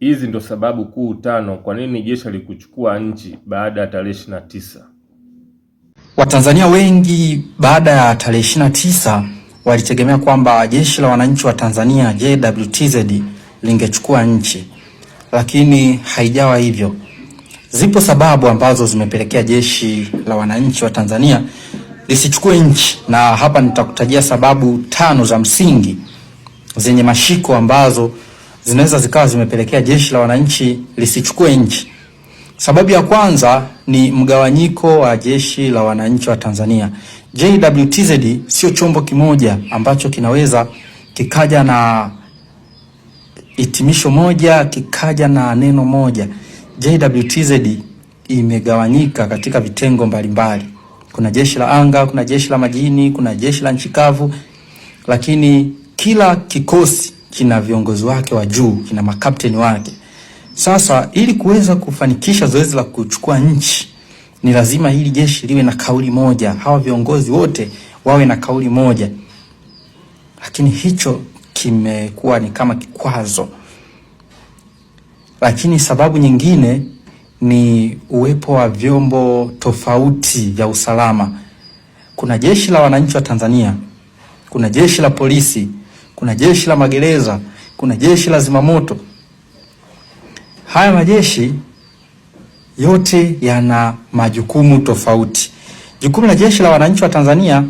Hizi ndo sababu kuu tano kwa nini jeshi alikuchukua nchi baada ya tarehe ishirini na tisa. Watanzania wengi baada ya tarehe ishirini na tisa walitegemea kwamba jeshi la wananchi wa Tanzania JWTZ lingechukua nchi, lakini haijawa hivyo. Zipo sababu ambazo zimepelekea jeshi la wananchi wa Tanzania lisichukue nchi, na hapa nitakutajia sababu tano za msingi zenye mashiko ambazo zinaweza zikawa zimepelekea jeshi la wananchi lisichukue nchi. Sababu ya kwanza ni mgawanyiko wa jeshi la wananchi wa Tanzania. JWTZ sio chombo kimoja ambacho kinaweza kikaja na hitimisho moja kikaja na neno moja. JWTZ imegawanyika katika vitengo mbalimbali. Kuna jeshi la anga, kuna jeshi la majini, kuna jeshi la nchi kavu, lakini kila kikosi kina viongozi wake wa juu, kina makapteni wake. Sasa ili kuweza kufanikisha zoezi la kuchukua nchi, ni lazima hili jeshi liwe na kauli moja, hawa viongozi wote wawe na kauli moja, lakini hicho kimekuwa ni kama kikwazo. Lakini sababu nyingine ni uwepo wa vyombo tofauti vya usalama. Kuna jeshi la wananchi wa Tanzania, kuna jeshi la polisi kuna jeshi la magereza, kuna jeshi la zimamoto. Haya majeshi yote yana majukumu tofauti. Jukumu la jeshi la wananchi wa Tanzania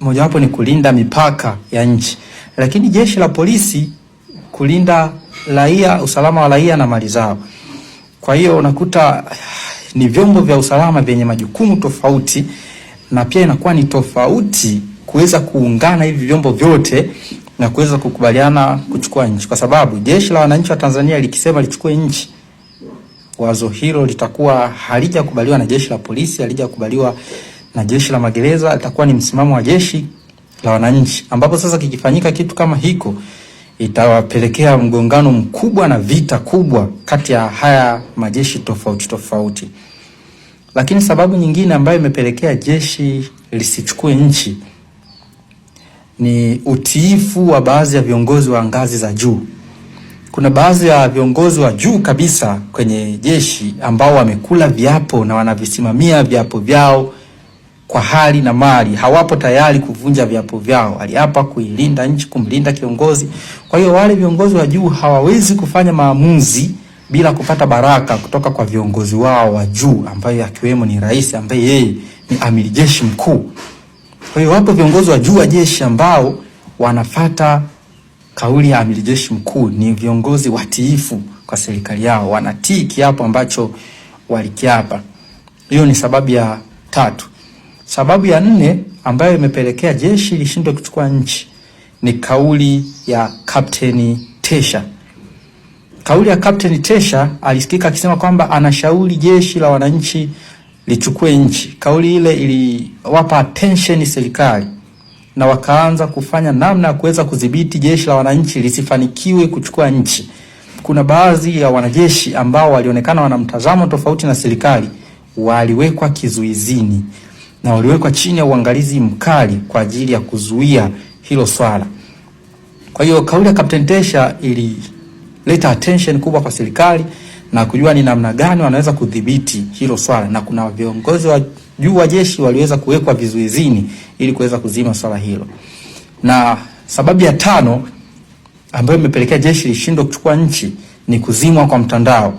mojawapo ni kulinda mipaka ya nchi, lakini jeshi la polisi kulinda raia, usalama wa raia na mali zao. Kwa hiyo unakuta ah, ni vyombo vya usalama vyenye majukumu tofauti na pia inakuwa ni tofauti kuweza kuungana hivi vyombo vyote na kuweza kukubaliana kuchukua nchi, kwa sababu jeshi la wananchi wa Tanzania likisema lichukue nchi, wazo hilo litakuwa halijakubaliwa na jeshi la polisi, halijakubaliwa na jeshi la magereza, litakuwa ni msimamo wa jeshi la wananchi, ambapo sasa kikifanyika kitu kama hiko itawapelekea mgongano mkubwa na vita kubwa kati ya haya majeshi tofauti tofauti. Lakini sababu nyingine ambayo imepelekea jeshi lisichukue nchi ni utiifu wa baadhi ya viongozi wa ngazi za juu. Kuna baadhi ya viongozi wa juu kabisa kwenye jeshi ambao wamekula viapo na wanavisimamia viapo vyao kwa hali na mali, hawapo tayari kuvunja viapo vyao. Aliapa kuilinda nchi, kumlinda kiongozi. Kwa hiyo wale viongozi wa juu hawawezi kufanya maamuzi bila kupata baraka kutoka kwa viongozi wao wa juu, ambayo akiwemo ni rais, ambaye yeye ni amiri jeshi mkuu. Kwa hiyo wapo viongozi wa juu wa jeshi ambao wanafata kauli ya amiri jeshi mkuu, ni viongozi watiifu kwa serikali yao, wanatii kiapo ambacho walikiapa. Hiyo ni sababu ya tatu. Sababu ya nne ambayo imepelekea jeshi lishindwe kuchukua nchi ni kauli ya Kapteni Tesha. Kauli ya Kapteni Tesha alisikika akisema kwamba anashauri jeshi la wananchi lichukue nchi. Kauli ile iliwapa attention serikali na wakaanza kufanya namna ya kuweza kudhibiti jeshi la wananchi lisifanikiwe kuchukua nchi. Kuna baadhi ya wanajeshi ambao walionekana wana mtazamo tofauti na serikali, waliwekwa kizuizini na waliwekwa chini ya uangalizi mkali kwa ajili ya kuzuia hilo swala. Kwa hiyo kauli ya Kapteni Tesha ilileta attention kubwa kwa serikali na kujua ni namna gani wanaweza kudhibiti hilo swala, na kuna viongozi wa juu wa jeshi waliweza kuwekwa vizuizini ili kuweza kuzima swala hilo. Na sababu ya tano ambayo imepelekea jeshi lishindwe kuchukua nchi ni kuzimwa kwa mtandao.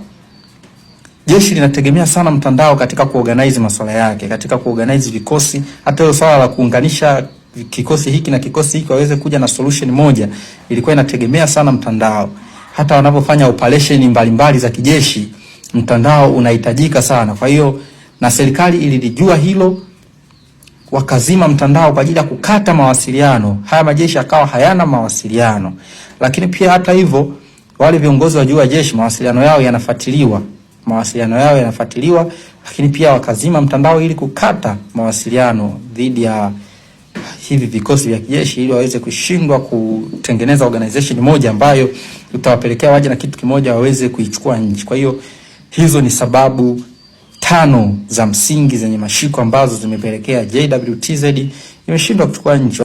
Jeshi linategemea sana mtandao katika kuorganize masuala yake, katika kuorganize vikosi, hata hilo swala la kuunganisha kikosi hiki na kikosi hiki waweze kuja na solution moja, ilikuwa inategemea sana mtandao hata wanapofanya operesheni mbalimbali za kijeshi, mtandao unahitajika sana. Kwa hiyo na serikali ililijua hilo, wakazima mtandao kwa ajili ya kukata mawasiliano. Haya majeshi yakawa hayana mawasiliano, lakini pia hata hivyo wale viongozi wa juu wa jeshi mawasiliano yao yanafuatiliwa, mawasiliano yao yanafuatiliwa, lakini pia wakazima mtandao ili kukata mawasiliano dhidi ya hivi vikosi vya kijeshi ili waweze kushindwa kutengeneza organization moja ambayo utawapelekea waje na kitu kimoja waweze kuichukua nchi. Kwa hiyo hizo ni sababu tano za msingi zenye mashiko ambazo zimepelekea JWTZ imeshindwa kuchukua nchi.